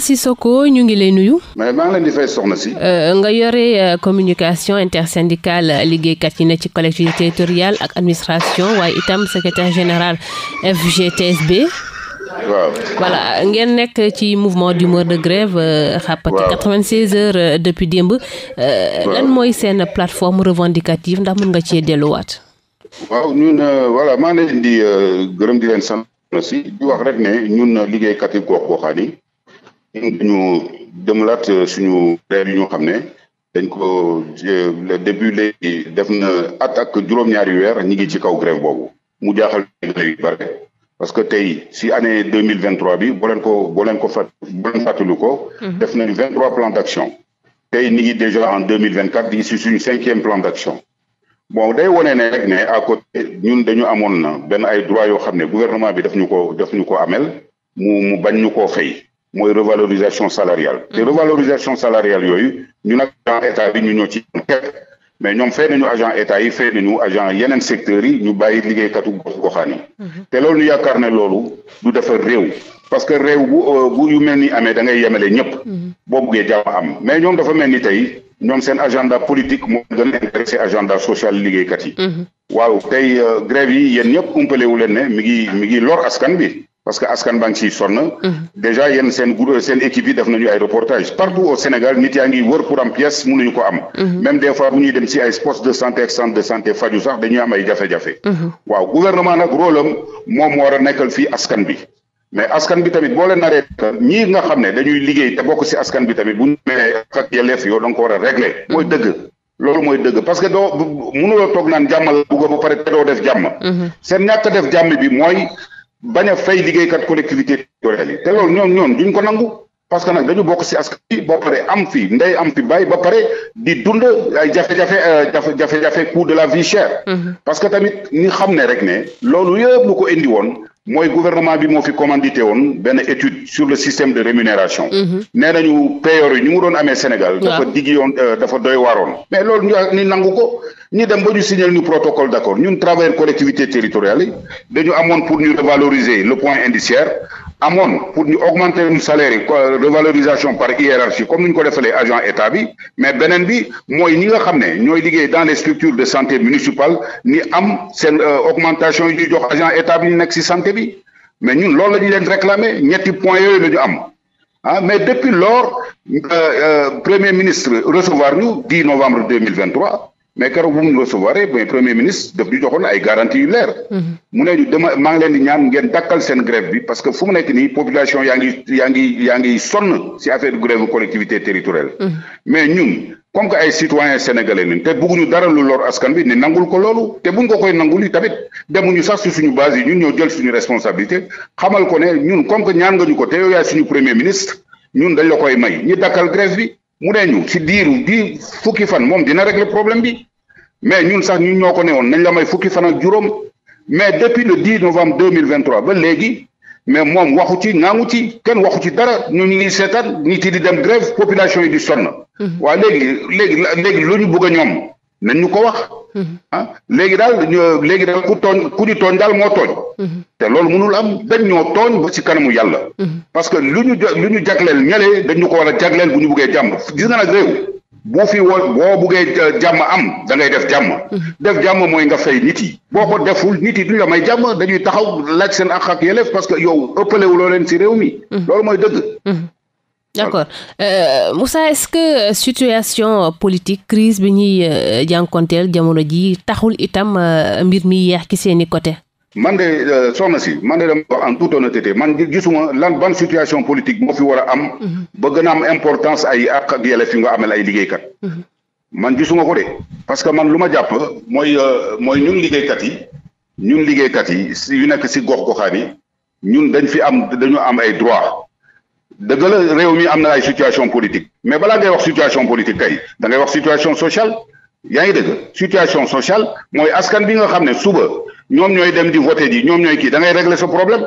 si soko ñu ngi lay nuyu. mais maa leen di fay soxna si. Euh, nga yore euh, communication intersyndicale liggéeykat yi ne ci collectivité territoriale ak administration waaye itam secretaire général FGTSB. waaw ngeen nekk ci mouvement d'humeur de grève. xàppati euh, 96 heures depuis démb. lan mooy seen plateforme revendicative ndax mën nga cee delluwaat. waaw ñun voilà maa gox goxaan ñu dëmalaat euh, suñu reer yi ñu xam ne dañ ko euh, le début léegi def na at ak juróom-ñaari weer ñi ngi ci kaw grève boobu mu jaaxal yu bare parce que tey si année deux mille vingt trois bi boo leen ko ko fat boo leen fàttalu ko mhm. def nañ vingt trois plans d'action tey ñi ngi déjà en deux mille vingt quatre di si suñu cinquième plan d'action boo day wone ne rek ne à côté ñun dañu amoon na benn ay droit yoo xam ne gouvernement bi daf ñu ko daf ñu ko amel mu bañ ñu koo fay mooy revalorisation salarial mm. te revalorisation salariale yooyu ñu nag agent état bi ñu ñoo ci mais ñoom fay nañu agent état yi fay nañu agent yeneen secteurs yi ñu bàyyi liggéeykatu gox goxaan yi. Mm-hmm. te loolu ñu yaakaar ne loolu du defar réew. parce que réew bu euh, bu yu mel ni amee da ngay yemale ñëpp. Mm-hmm. boo buggee jàmm am mais ñoom dafa mel ni tey ñoom seen agenda politique moo gën a intéressé agenda social liggéeykat yi. Mm-hmm. waaw tey euh, grève yi yéen ñëpp umpale leen ne mi ngi mi ngi lor askan bi. parce que askan baa ngi siy sonn. Mhm. déjà yenn seen groupe seen équipe yi def nañu ay reportage partout au Sénégal nit yaa ngi wër pour am pièce mënuñu ko am. Mhm. même des fois bu ñuy dem si ay postes de santé ak de santé faju sax dañuy am jafe-jafe. Mhm. waaw gouvernement nag rôle moom moo nekkal fii askan bi. mais askan bi tamit boo leen naree ñii nga xam ne dañuy liggéey te bokk ci askan bi tamit bu ñu nee ak yelleef yow da nga ko war régler. mooy dëgg loolu mooy dëgg parce que doo mënuloo toog naan jàmm la bugg bañ a fay liggéeykat collectivité territoriale yi te loolu ñoom ñoom duñ ko nangu parce que nag dañu bokk si askan bi ba pare am fi ndey am fi bàyyi ba pare di dund ay jafe-jafe euh, jafe de la vie chère. Mm-hmm. parce que tamit ñi xam ne rek ne loolu yëpp lu ko indi woon. mooy gouvernement bi moo fi commandité woon benn étude sur le système de rémunération mm-hmm. nee nañu payeurs yi ñu mu doon amee Sénégal dafa digg yoon euh, dafa doy waaroon mais loolu ñu ni nangu ko ñu dem ba ñu signaler ñu protocole d' accord ñun travailleurs collectivités territoriales yi dañu amoon pour ñu revaloriser le point indiciaire amoon pour ñu augmenter ñu salaire yi revalorisation par hiérarchie comme ni ñu ko defalee agent état bi mais beneen bi mooy ñi nga xam ne ñooy liggéey dans les structures de santé municipale ni am seen euh, augmentation yi ñuy jox agent état bi ñu si santé bi mais ñun loolu la ñu leen réclamer ñetti points yooyu la am ah mais depuis lors euh, euh, premier ministre recevoir ñu 10 novembre 2023 mais keroog bu mu recevoir mais premier ministre daf ñu joxoon ay garanti yu leer. Mhm. mu ne ñu dama maa ngi leen ñaan ngeen dakkal seen grève bi parce que fu mu nekk nii population yaa ngi yaa ngi yaa ngi sonn si affaire grève collectivité territoriale. Mhm. mais ñun comme que ay citoyen sénégalais lañ te bëgguñu dara lu lor askan bi ni nangul ko loolu te buñ ko koy nangul yi tamit demuñu sax si suñu base yi ñun ñoo jël suñu responsabilité xamal ko ne ñun comme que ñaan nga ñu ko te yow yaay suñu premier ministre ñun koy may ñi dakkal grève bi. mu ne ñu si diiru di fukki fan moom dina régler problème bi mais ñun sax ñun ñoo ko ne woon nañ la may fukki fan ak juróom mais depuis le 10 novembre 2023 ba léegi mais moom waxu ci nangu ci kenn waxu ci dara ñu ngi seetaan nit yi di dem grève population yi di sonn. Mhm. waa léegi léegi léegi lu ñu bëgg a ñoom. nañ ñu ko wax. Mhm. ah léegi daal léegi daal ku tooñ ku ñu tooñ daal moo tooñ. Mhm. te loolu mënul am dañ ñoo tooñ ba ci kanamu yàlla. Mhm. parce que lu ñu lu ñu jagleel ñalee dañ ñu ko war a jagleel bu ñu buggee jàmm gis nga nag réew boo fi woo boo buggee jàmm am da ngay def jàmm. def jàmm mooy nga fay nit yi. boo ko deful nit yi duñ la may jàmm dañuy taxaw laaj seen ak ak yelleef parce que yow ëppalewu wu loo leen ci réew mi. loolu mooy dëgg. d'accord euh, Moussa est-ce que euh, situation euh, politique crise bi ñuy euh, jànkonteel jamono ji taxul itam mbir mi yeex ci seeni côté man de soxna si man de dem wax en toute honnêteté man gisuma lan ban situation politique moo fi war am mhm. ba gën a am importance ay àq ak amel ay liggéeykat mhm. man gisuma ko parce que man lu ma jàpp mooy mooy ñun liggéeykat yi ñun liggéeykat yi yu nekk si gox goxaan dañ fi am dañu am ay droit dëgg la réew mi am na ay situation politique mais bala ngay wax situation politique kay dangay wax situation sociale yaa ngi dëgg situation sociale mooy askan bi nga xam ne suba ñoom ñooy dem di voté ji ñoom ñooy kii da ngay régler sa problème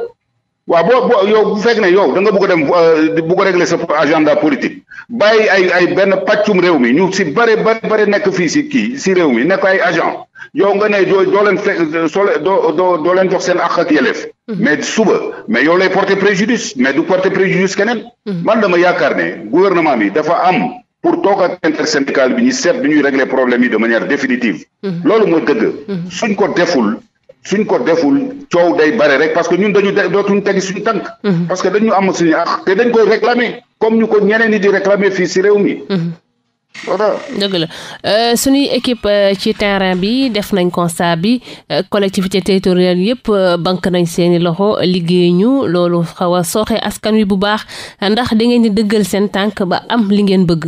waa boo boo yow bu fekk ne yow da nga bëgg a dem euh, bëgg a régler sa agenda politique bàyyi ay ay benn pàccum réew mi ñu si bare bare bare nekk fii si kii si réew mi nekk ay agent yow nga ne doo doo leen fe soo doo doo leen jox seen àq ak yelleef. Mhm. mais suba mais yow lay porter préjudice mais du porter préjudice keneen. Mhm. man dama yaakaar ne gouvernement bi dafa am. pour toog ak intersyndical bi ñu seet bi ñuy régler problème yi de manière définitive. Mhm. loolu mooy dëgg. suñ ko deful suñ ko deful coow day bare rek parce que ñun dañu dootuñ tegi suñu tànk. parce que dañu am suñu àq te dañ koy réclamer comme ñu ko ñeneen ñi di réclamer fii si réew mi. dëgg la euh, suñuy équipe euh, ci terrain bi def nañ constat bi euh, collectivité territoriale yëpp bank nañ seeni loxo liggéey ñu loolu xaw a sooxe askan wi bu baax ndax da ngeen di dëggal seen tànk ba am li ngeen bëgg.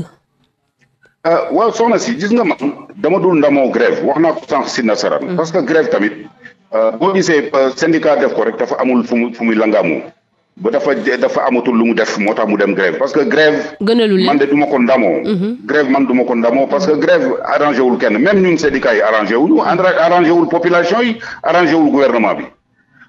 waaw soxna si gis nga man dama dul ndamoo grève wax naa ko sànq si nasaraan. Mm. parce que grève tamit boo gisee syndicat def ko rek dafa amul fu muy langaamu ba dafa dafa amatul lu mu def moo tax mu dem grève parce que grève gënalu leen man de du ma ko ndamoo mhm. grève man du ma ko ndamoo parce que grève arrangé wul kenn même ñun syndicat yi arrangé wuñu arrangé wul population yi arrangé wul bi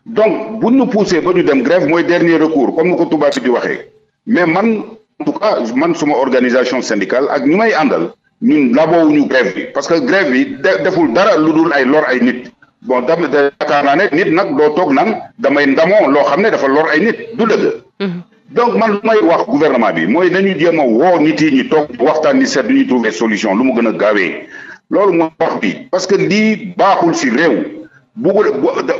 donc bu ñu poussé ba ñu dem grève mooy dernier recours comme ni ko tubaab bi di waxee mais man en tout cas man suma organisation syndicale ak ñu may àndal ñun laboowuñu grève bi parce que grève bi deful dara lu dul ay lor ay nit bon dam yaakaar naa ne nit nag doo toog naan damay ndamoo loo xam ne dafa lor ay nit du dëgg mhm. donc man lu may wax gouvernement bi mooy nañu jéem a woo nit yi toog waxtaan ni seet du ñuy trouver solution lu mu gën a gaawee loolu mooy wax bi parce que lii baaxul si réew bugul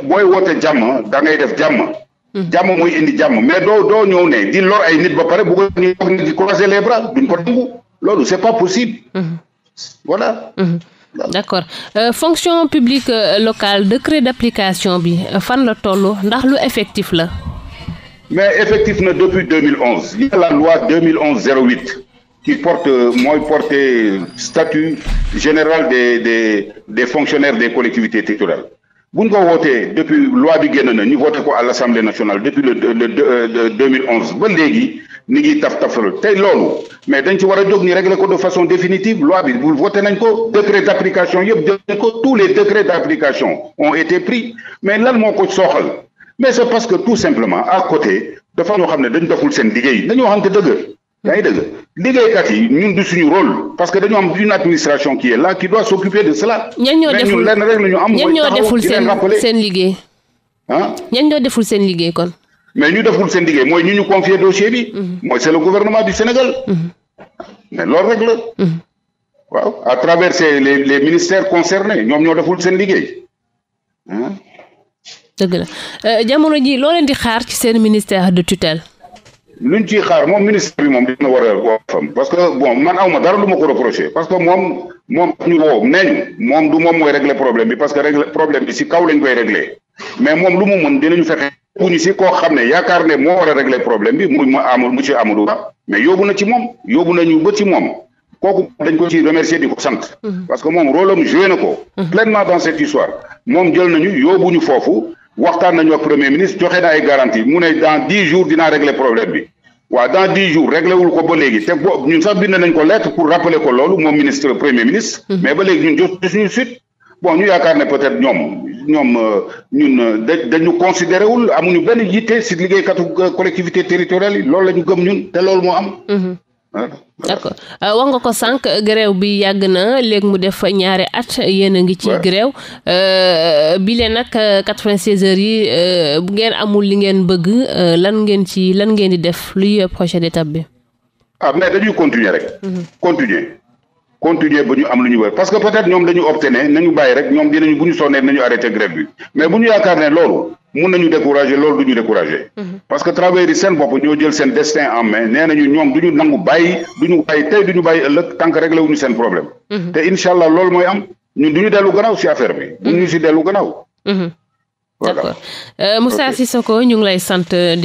booy woote jàmm da ngay def jàmm mhm. jàmm mooy indi jàmm mais doo doo ñëw ne di lor ay nit ba pare bugg ñu wax nit di croiser les bras duñ ko nangu loolu c'est pas possible mhm. voilà d' accord euh, fonction publique euh, locale décret d' application bi euh, fan la toll ndax lu effectif la. mais effectif na depuis 2011 il y a la loi 2011 08 qui porte euh, mooy porte statut général des des des fonctionnaires des collectivités territoriales bu ñu ko wootee depuis loi bi génn na ñu voté ko à l' assemblée nationale depuis le le 2011 ba léegi. ni ngi taf tafal tey loolu mais dañ ci war a jóg ni régler ko de façon définitive loi bi bu voté nañ ko décret d' application yëpp tous les décrets d' application ont été pris mais lan moo ko sooxal mais c' est parce que tout simplement à côté dafa ñoo xam ne dañ deful seen liggéey dañoo xamante dëgg yaa ngi dëgg liggéeykat yi ñun du suñu rôle parce que dañoo am une administration qui est là qui doit s'occuper de cela. ñan seen seen liggéey. ah ñan ñoo deful seen liggéey kon. mais ñu deful seen liggéey mooy ñu ñu confier dossier bi. Mhm. mooy c'est le gouvernement du Sénégal. Mhm. mais loolu rek mhm. waaw à travers les les ministères concernés ñoom ñoo deful seen liggéey. dëgg la euh, jamono ji loo di xaar ci seen ministère de tutelle. luñ ci xaar moom ministre bi moom dina war a woo fam parce que bon man awma dara lu ma ko reproché parce que moom moom ñu woo neñ moom du moom mooy régler problème bi parce que régler problème bi si kaw lañ koy régler mais moom lu mu mën dinañu fexe. buñu si koo xam ne yaakaar ne moo war a régler problème bi muy ma amul monsieur Amadou Ba mais yóbbu na ci moom yóbbu nañu ba ci moom kooku dañ ko ci remercier di ko sant mm-hmm. parce que moom rôle am joué ko mm-hmm. pleinement dans cette histoire moom jël nañu yóbbuñu foofu waxtaan nañu ak premier ministre joxe na ay garantie mu ne dans dix jours dinaa régler problème bi waaw dans dix jours réglé ko ba léegi te bo ñun sax bind nañ ko lettre pour rappeler ko bon ñu yaakaar na peut-être ñoom ñoom euh, ñun euh, da dañu considéré wul amuñu benn yitte si liggéeykatu euh, collectivité territoriale yi loolu la ñu gëm ñun te loolu moo am. Mm-hmm. d'accord wax nga ko sànq grève bi yàgg na léegi mu def ñaari at yéen a ngi ci grève bi leen nag quatre-vingt-seize heures yi bu ngeen amul li ngeen bëgg lan ngeen ci lan ngeen di def luy prochaine étape bi ah mais dañuy continuer rek mm-hmm. continuer continuer ba ñu am lu ñu wër parce que peut-être ñoom dañu opté nañu bàyyi rek ñoom dinañu bu ñu sonnee nañu arrêté grève bi mais bu ñu yaakaar ne loolu mun nañu décourager loolu du ñu décourager mhm. parce que travailleurs seen bopp ñoo jël seen destin en main nee nañu ñoom du ñu nangu bàyyi du ñu bàyyi ëllëg tant que réglé wuñu seen problème mhm. te incha loolu mooy am ñun du ñu dellu gannaaw si affaire bi bu ñu si dellu gannaaw mhm. voilà d'accord euh, Moussa Sissoko ñu lay sant euh,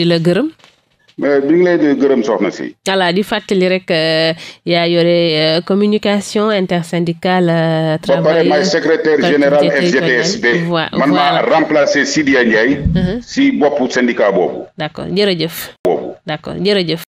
bi ngi lay gërëm soxna si. voilà di fàttali rek euh, yaa yore euh, communication intersyndicale. travail euh, ba pare général FGTSB. man maa remplacer Sidia Ndiaye. Mhm. si bopp syndicat boobu. d' accord jërëjëf. boobu d' accord jërëjëf.